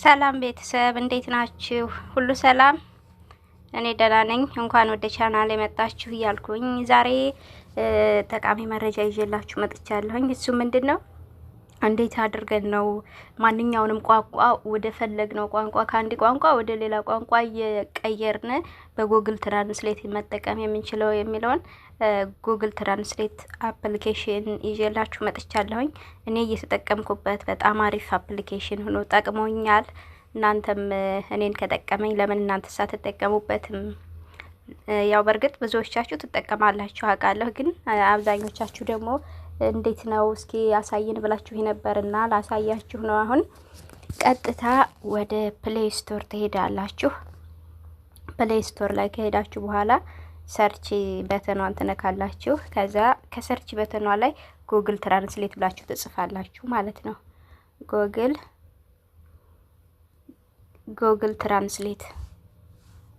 ሰላም ቤተሰብ እንዴት ናችሁ? ሁሉ ሰላም? እኔ ደህና ነኝ። እንኳን ወደ ቻናል የመጣችሁ እያልኩኝ ዛሬ ጠቃሚ መረጃ ይዤላችሁ መጥቻለሁኝ። እሱ ምንድን ነው? እንዴት አድርገን ነው ማንኛውንም ቋንቋ ወደ ፈለግነው ቋንቋ ከአንድ ቋንቋ ወደ ሌላ ቋንቋ እየቀየርን በጉግል ትራንስሌት መጠቀም የምንችለው የሚለውን ጉግል ትራንስሌት አፕሊኬሽን ይዤላችሁ መጥቻለሁኝ። እኔ እየተጠቀምኩበት በጣም አሪፍ አፕሊኬሽን ሆኖ ጠቅሞኛል። እናንተም እኔን ከጠቀመኝ ለምን እናንተ ሳትጠቀሙበትም? ያው በእርግጥ ብዙዎቻችሁ ትጠቀማላችሁ አውቃለሁ፣ ግን አብዛኞቻችሁ ደግሞ እንዴት ነው እስኪ ያሳይን ብላችሁ ነበርና ላሳያችሁ ነው። አሁን ቀጥታ ወደ ፕሌይ ስቶር ትሄዳላችሁ። ፕሌይ ስቶር ላይ ከሄዳችሁ በኋላ ሰርች በተኗን ትነካላችሁ። ከዛ ከሰርች በተኗ ላይ ጉግል ትራንስሌት ብላችሁ ትጽፋላችሁ ማለት ነው። ጉግል ጉግል ትራንስሌት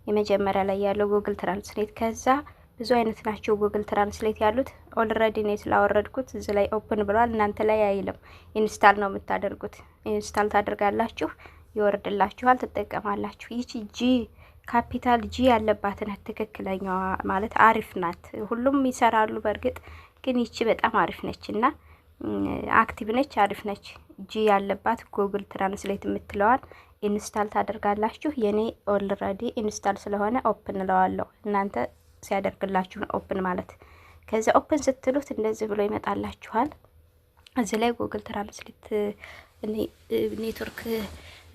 የመጀመሪያ ላይ ያለው ጉግል ትራንስሌት። ከዛ ብዙ አይነት ናቸው ጉግል ትራንስሌት ያሉት ኦልሬዲ እኔ ስላወረድኩት እዚ ላይ ኦፕን ብሏል። እናንተ ላይ አይልም። ኢንስታል ነው የምታደርጉት። ኢንስታል ታደርጋላችሁ፣ ይወርድላችኋል፣ ትጠቀማላችሁ። ይቺ ጂ ካፒታል ጂ ያለባት ናት ትክክለኛዋ፣ ማለት አሪፍ ናት። ሁሉም ይሰራሉ በእርግጥ ግን ይቺ በጣም አሪፍ ነች እና አክቲቭ ነች፣ አሪፍ ነች። ጂ ያለባት ጉግል ትራንስሌት የምትለዋል ኢንስታል ታደርጋላችሁ። የኔ ኦልሬዲ ኢንስታል ስለሆነ ኦፕን እለዋለሁ። እናንተ ሲያደርግላችሁ ኦፕን ማለት ከዚያ ኦፕን ስትሉት እንደዚህ ብሎ ይመጣላችኋል። እዚህ ላይ ጉግል ትራንስሌት ኔትወርክ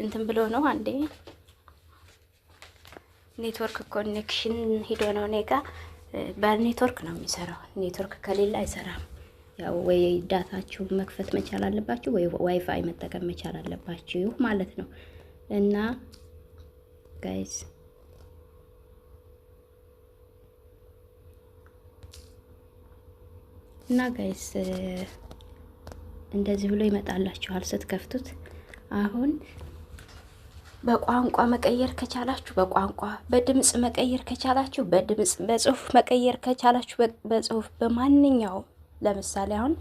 እንትን ብሎ ነው አንዴ ኔትወርክ ኮኔክሽን ሂዶ ነው እኔ ጋ በኔትወርክ ነው የሚሰራው። ኔትወርክ ከሌለ አይሰራም። ያው ወይ ዳታችሁ መክፈት መቻል አለባችሁ፣ ወይ ዋይፋይ መጠቀም መቻል አለባችሁ ማለት ነው እና ጋይስ እና ጋይስ እንደዚህ ብሎ ይመጣላችኋል ስትከፍቱት። አሁን በቋንቋ መቀየር ከቻላችሁ በቋንቋ በድምፅ መቀየር ከቻላችሁ በድምፅ በጽሁፍ መቀየር ከቻላችሁ በጽሁፍ በማንኛውም ለምሳሌ አሁን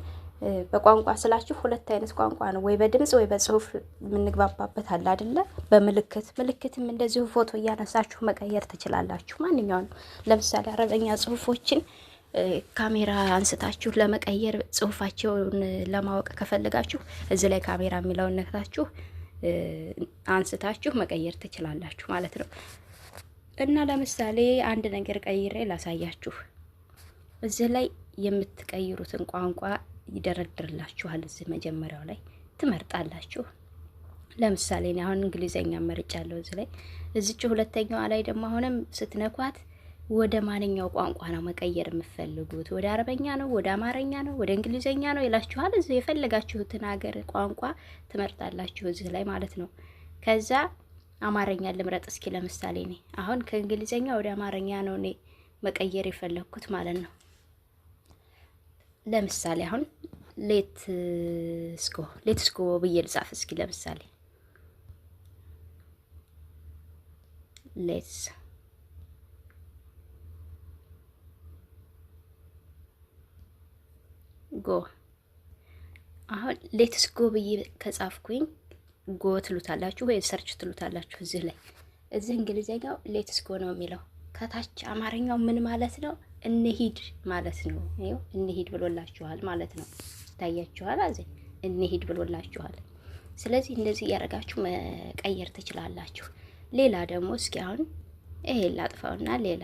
በቋንቋ ስላችሁ ሁለት አይነት ቋንቋ ነው። ወይ በድምፅ ወይ በጽሁፍ የምንግባባበት አለ አይደለ? በምልክት ምልክትም እንደዚሁ ፎቶ እያነሳችሁ መቀየር ትችላላችሁ። ማንኛውም ለምሳሌ አረበኛ ጽሁፎችን ካሜራ አንስታችሁ ለመቀየር ጽሁፋቸውን ለማወቅ ከፈለጋችሁ እዚህ ላይ ካሜራ የሚለውን ነክታችሁ አንስታችሁ መቀየር ትችላላችሁ ማለት ነው። እና ለምሳሌ አንድ ነገር ቀይሬ ላሳያችሁ። እዚህ ላይ የምትቀይሩትን ቋንቋ ይደረድርላችኋል። እዚህ መጀመሪያው ላይ ትመርጣላችሁ። ለምሳሌ አሁን እንግሊዘኛ መርጫለሁ እዚህ ላይ እዚች ሁለተኛዋ ላይ ደግሞ አሁንም ስትነኳት ወደ ማንኛው ቋንቋ ነው መቀየር የምትፈልጉት? ወደ አረበኛ ነው? ወደ አማረኛ ነው? ወደ እንግሊዘኛ ነው ይላችኋል። እዚህ የፈለጋችሁትን ሀገር ቋንቋ ትመርጣላችሁ እዚህ ላይ ማለት ነው። ከዛ አማረኛ ልምረጥ እስኪ። ለምሳሌ እኔ አሁን ከእንግሊዘኛ ወደ አማረኛ ነው እኔ መቀየር የፈለግኩት ማለት ነው። ለምሳሌ አሁን ሌት ስኮ ሌት ስኮ ብዬ ልጻፍ እስኪ። ለምሳሌ ሌትስ ጎ አሁን ሌትስ ጎ ብዬ ከጻፍኩኝ ጎ ትሉታላችሁ ወይ ሰርች ትሉታላችሁ። እዚህ ላይ እዚህ እንግሊዘኛው ሌትስ ጎ ነው የሚለው። ከታች አማርኛው ምን ማለት ነው? እንሂድ ማለት ነው። ይኸው እንሂድ ብሎላችኋል ማለት ነው። ታያችኋል፣ እዚህ እንሂድ ብሎላችኋል። ስለዚህ እንደዚህ እያደረጋችሁ መቀየር ትችላላችሁ። ሌላ ደግሞ እስኪ አሁን ይሄ ላጥፋውና ሌላ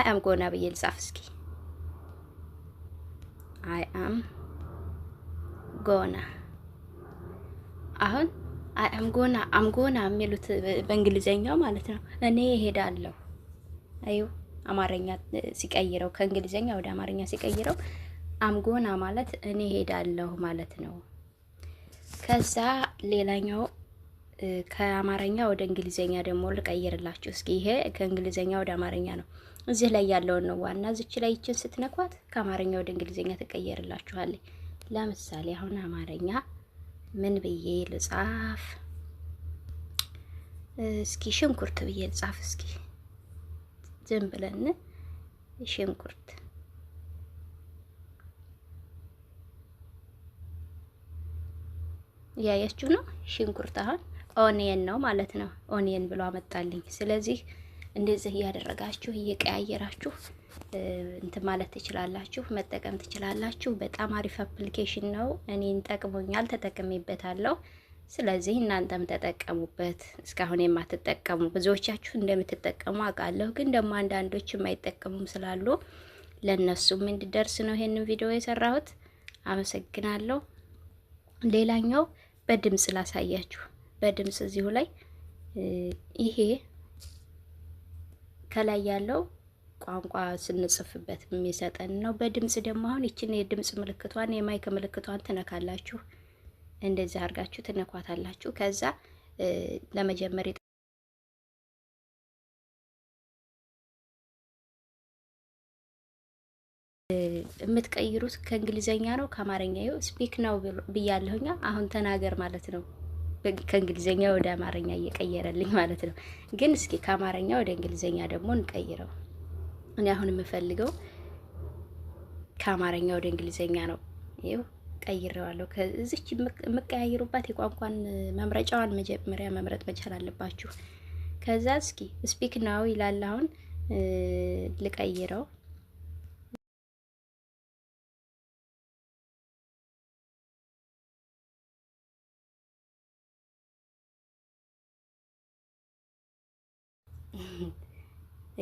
አይ አም ጎና ብዬ ልጻፍ እስኪ አይ አም ጎና አሁን አይ አም ጎና አም ጎና የሚሉት በእንግሊዘኛው ማለት ነው። እኔ እሄዳለሁ። አዩ አማርኛ ሲቀይረው ከእንግሊዘኛ ወደ አማርኛ ሲቀይረው አምጎና ማለት እኔ እሄዳለሁ ማለት ነው። ከዛ ሌላኛው ከአማርኛ ወደ እንግሊዘኛ ደግሞ ልቀይርላችሁ እስኪ። ይሄ ከእንግሊዘኛ ወደ አማርኛ ነው። እዚህ ላይ ያለውን ነው ዋና። እዚች ላይ ይችን ስትነኳት ከአማርኛ ወደ እንግሊዝኛ ትቀየርላችኋለች። ለምሳሌ አሁን አማርኛ ምን ብዬ ልጻፍ? እስኪ ሽንኩርት ብዬ ልጻፍ። እስኪ ዝም ብለን ሽንኩርት እያያችሁ ነው። ሽንኩርት አሁን ኦኒየን ነው ማለት ነው። ኦኒየን ብሎ አመጣልኝ። ስለዚህ እንደዚህ እያደረጋችሁ እየቀያየራችሁ እንትን ማለት ትችላላችሁ፣ መጠቀም ትችላላችሁ። በጣም አሪፍ አፕሊኬሽን ነው። እኔን ጠቅሞኛል፣ ተጠቅሜበታለሁ። ስለዚህ እናንተም ተጠቀሙበት። እስካሁን የማትጠቀሙ ብዙዎቻችሁ እንደምትጠቀሙ አውቃለሁ፣ ግን ደግሞ አንዳንዶች የማይጠቀሙም ስላሉ ለእነሱም እንዲደርስ ነው ይሄንን ቪዲዮ የሰራሁት። አመሰግናለሁ። ሌላኛው በድምፅ ላሳያችሁ። በድምፅ እዚሁ ላይ ይሄ ከላይ ያለው ቋንቋ ስንጽፍበት የሚሰጠን ነው። በድምጽ ደግሞ አሁን ይችን የድምጽ ምልክቷን የማይክ ምልክቷን ትነካላችሁ። እንደዚህ አድርጋችሁ ትነኳታላችሁ። ከዛ ለመጀመር የምትቀይሩት ከእንግሊዘኛ ነው ከአማርኛ ይኸው ስፒክ ነው ብያለሁኛ። አሁን ተናገር ማለት ነው። ከእንግሊዘኛ ወደ አማርኛ እየቀየረልኝ ማለት ነው። ግን እስኪ ከአማርኛ ወደ እንግሊዘኛ ደግሞ እንቀይረው። እኔ አሁን የምፈልገው ከአማርኛ ወደ እንግሊዘኛ ነው። ይኸው ቀይሬዋለሁ። ከዚች የምቀያየሩባት የቋንቋን መምረጫዋን መጀመሪያ መምረጥ መቻል አለባችሁ። ከዛ እስኪ ስፒክ ናው ይላል። አሁን ልቀይረው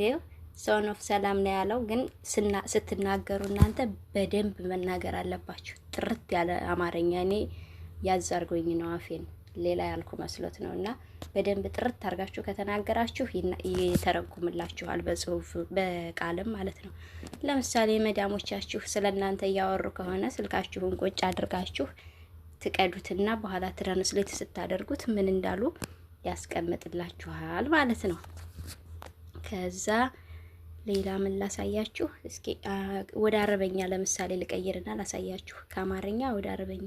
ይኸው ሰውን ኦፍ ሰላም ነው ያለው። ግን ስትናገሩ እናንተ በደንብ መናገር አለባችሁ። ጥርት ያለ አማርኛ እኔ ያዝ ነው አፌን ሌላ ያልኩ መስሎት ነው። እና በደንብ ጥርት አድርጋችሁ ከተናገራችሁ ይተረጉምላችኋል፣ በጽሁፍ በቃልም ማለት ነው። ለምሳሌ መዳሞቻችሁ ስለ እናንተ እያወሩ ከሆነ ስልካችሁን ቁጭ አድርጋችሁ ትቀዱትና በኋላ ትራንስሌት ስታደርጉት ምን እንዳሉ ያስቀምጥላችኋል ማለት ነው። ከዛ ሌላ ምን ላሳያችሁ? እስኪ ወደ አረበኛ ለምሳሌ ልቀይርና ላሳያችሁ። ከአማርኛ ወደ አረበኛ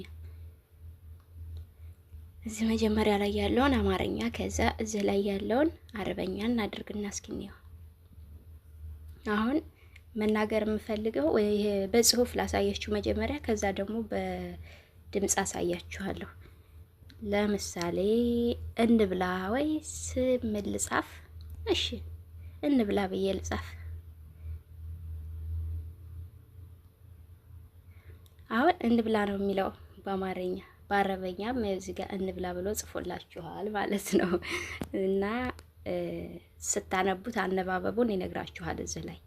እዚህ መጀመሪያ ላይ ያለውን አማርኛ ከዛ እዚህ ላይ ያለውን አረበኛ እናድርግና እስኪ እንየው። አሁን መናገር የምፈልገው በጽሁፍ ላሳያችሁ መጀመሪያ፣ ከዛ ደግሞ በድምፅ አሳያችኋለሁ። ለምሳሌ እንብላ ወይስ ምን ልጻፍ? እሺ እንብላ ብዬ ልጻፍ። አሁን እንብላ ነው የሚለው በአማርኛ በአረበኛ እዚህ ጋር እንብላ ብሎ ጽፎላችኋል ማለት ነው። እና ስታነቡት አነባበቡን ይነግራችኋል እዚህ ላይ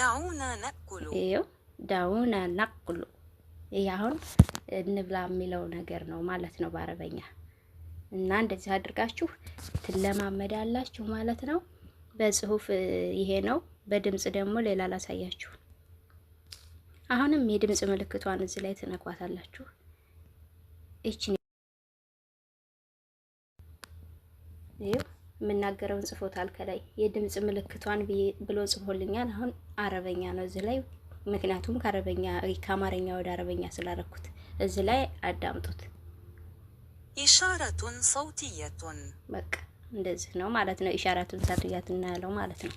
ዳውና ዳውና ነቅሉ ይህ አሁን እንብላ የሚለው ነገር ነው ማለት ነው በአረበኛ እና እንደዚህ አድርጋችሁ ትለማመዳላችሁ ማለት ነው። በጽሁፍ ይሄ ነው። በድምጽ ደግሞ ሌላ ላሳያችሁ። አሁንም የድምጽ ምልክቷን እዚህ ላይ ትነኳታላችሁ። እቺን ይኸው የምናገረውን ጽፎታል ከላይ የድምጽ ምልክቷን ብሎ ጽፎልኛል። አሁን አረበኛ ነው እዚህ ላይ ምክንያቱም ከአረበኛ ከአማርኛ ወደ አረበኛ ስላረኩት እዚህ ላይ አዳምጡት። ኢሻረቱን ሰውትየቱን በቃ እንደዚህ ነው ማለት ነው። ኢሻረቱን ሰውትየት እናያለው ማለት ነው።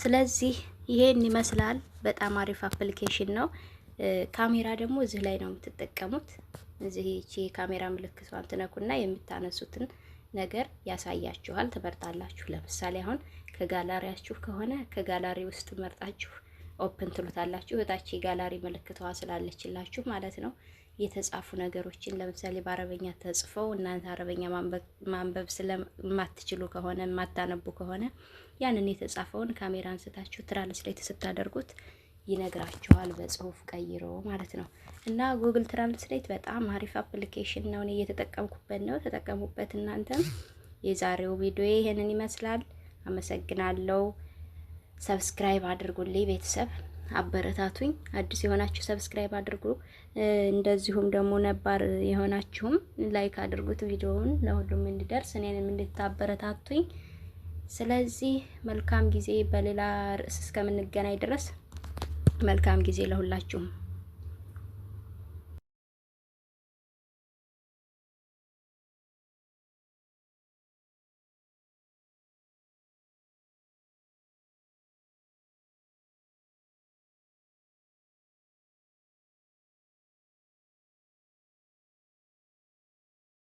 ስለዚህ ይሄን ይመስላል። በጣም አሪፍ አፕሊኬሽን ነው። ካሜራ ደግሞ እዚህ ላይ ነው የምትጠቀሙት። እዚህ ይቺ የካሜራ ምልክቷን ትነኩና የምታነሱትን ነገር ያሳያችኋል። ትመርጣላችሁ። ለምሳሌ አሁን ከጋላሪያችሁ ከሆነ ከጋላሪ ውስጥ መርጣችሁ ኦፕን ትሉታላችሁ። እታች ጋላሪ ምልክቷ ስላለችላችሁ ማለት ነው። የተጻፉ ነገሮችን ለምሳሌ በአረበኛ ተጽፈው እናንተ አረበኛ ማንበብ ስለማትችሉ ከሆነ የማታነቡ ከሆነ ያንን የተጻፈውን ካሜራ አንስታችሁ ትራንስሌት ስታደርጉት ይነግራችኋል፣ በጽሁፍ ቀይሮ ማለት ነው። እና ጉግል ትራንስሌት በጣም አሪፍ አፕሊኬሽን ነው። እኔ እየተጠቀምኩበት ነው። ተጠቀሙበት እናንተም። የዛሬው ቪዲዮ ይሄንን ይመስላል። አመሰግናለሁ። ሰብስክራይብ አድርጉልኝ ቤተሰብ አበረታቱኝ። አዲስ የሆናችሁ ሰብስክራይብ አድርጉ፣ እንደዚሁም ደግሞ ነባር የሆናችሁም ላይክ አድርጉት ቪዲዮውን ለሁሉም እንዲደርስ እኔንም እንድታበረታቱኝ። ስለዚህ መልካም ጊዜ፣ በሌላ ርዕስ እስከምንገናኝ ድረስ መልካም ጊዜ ለሁላችሁም።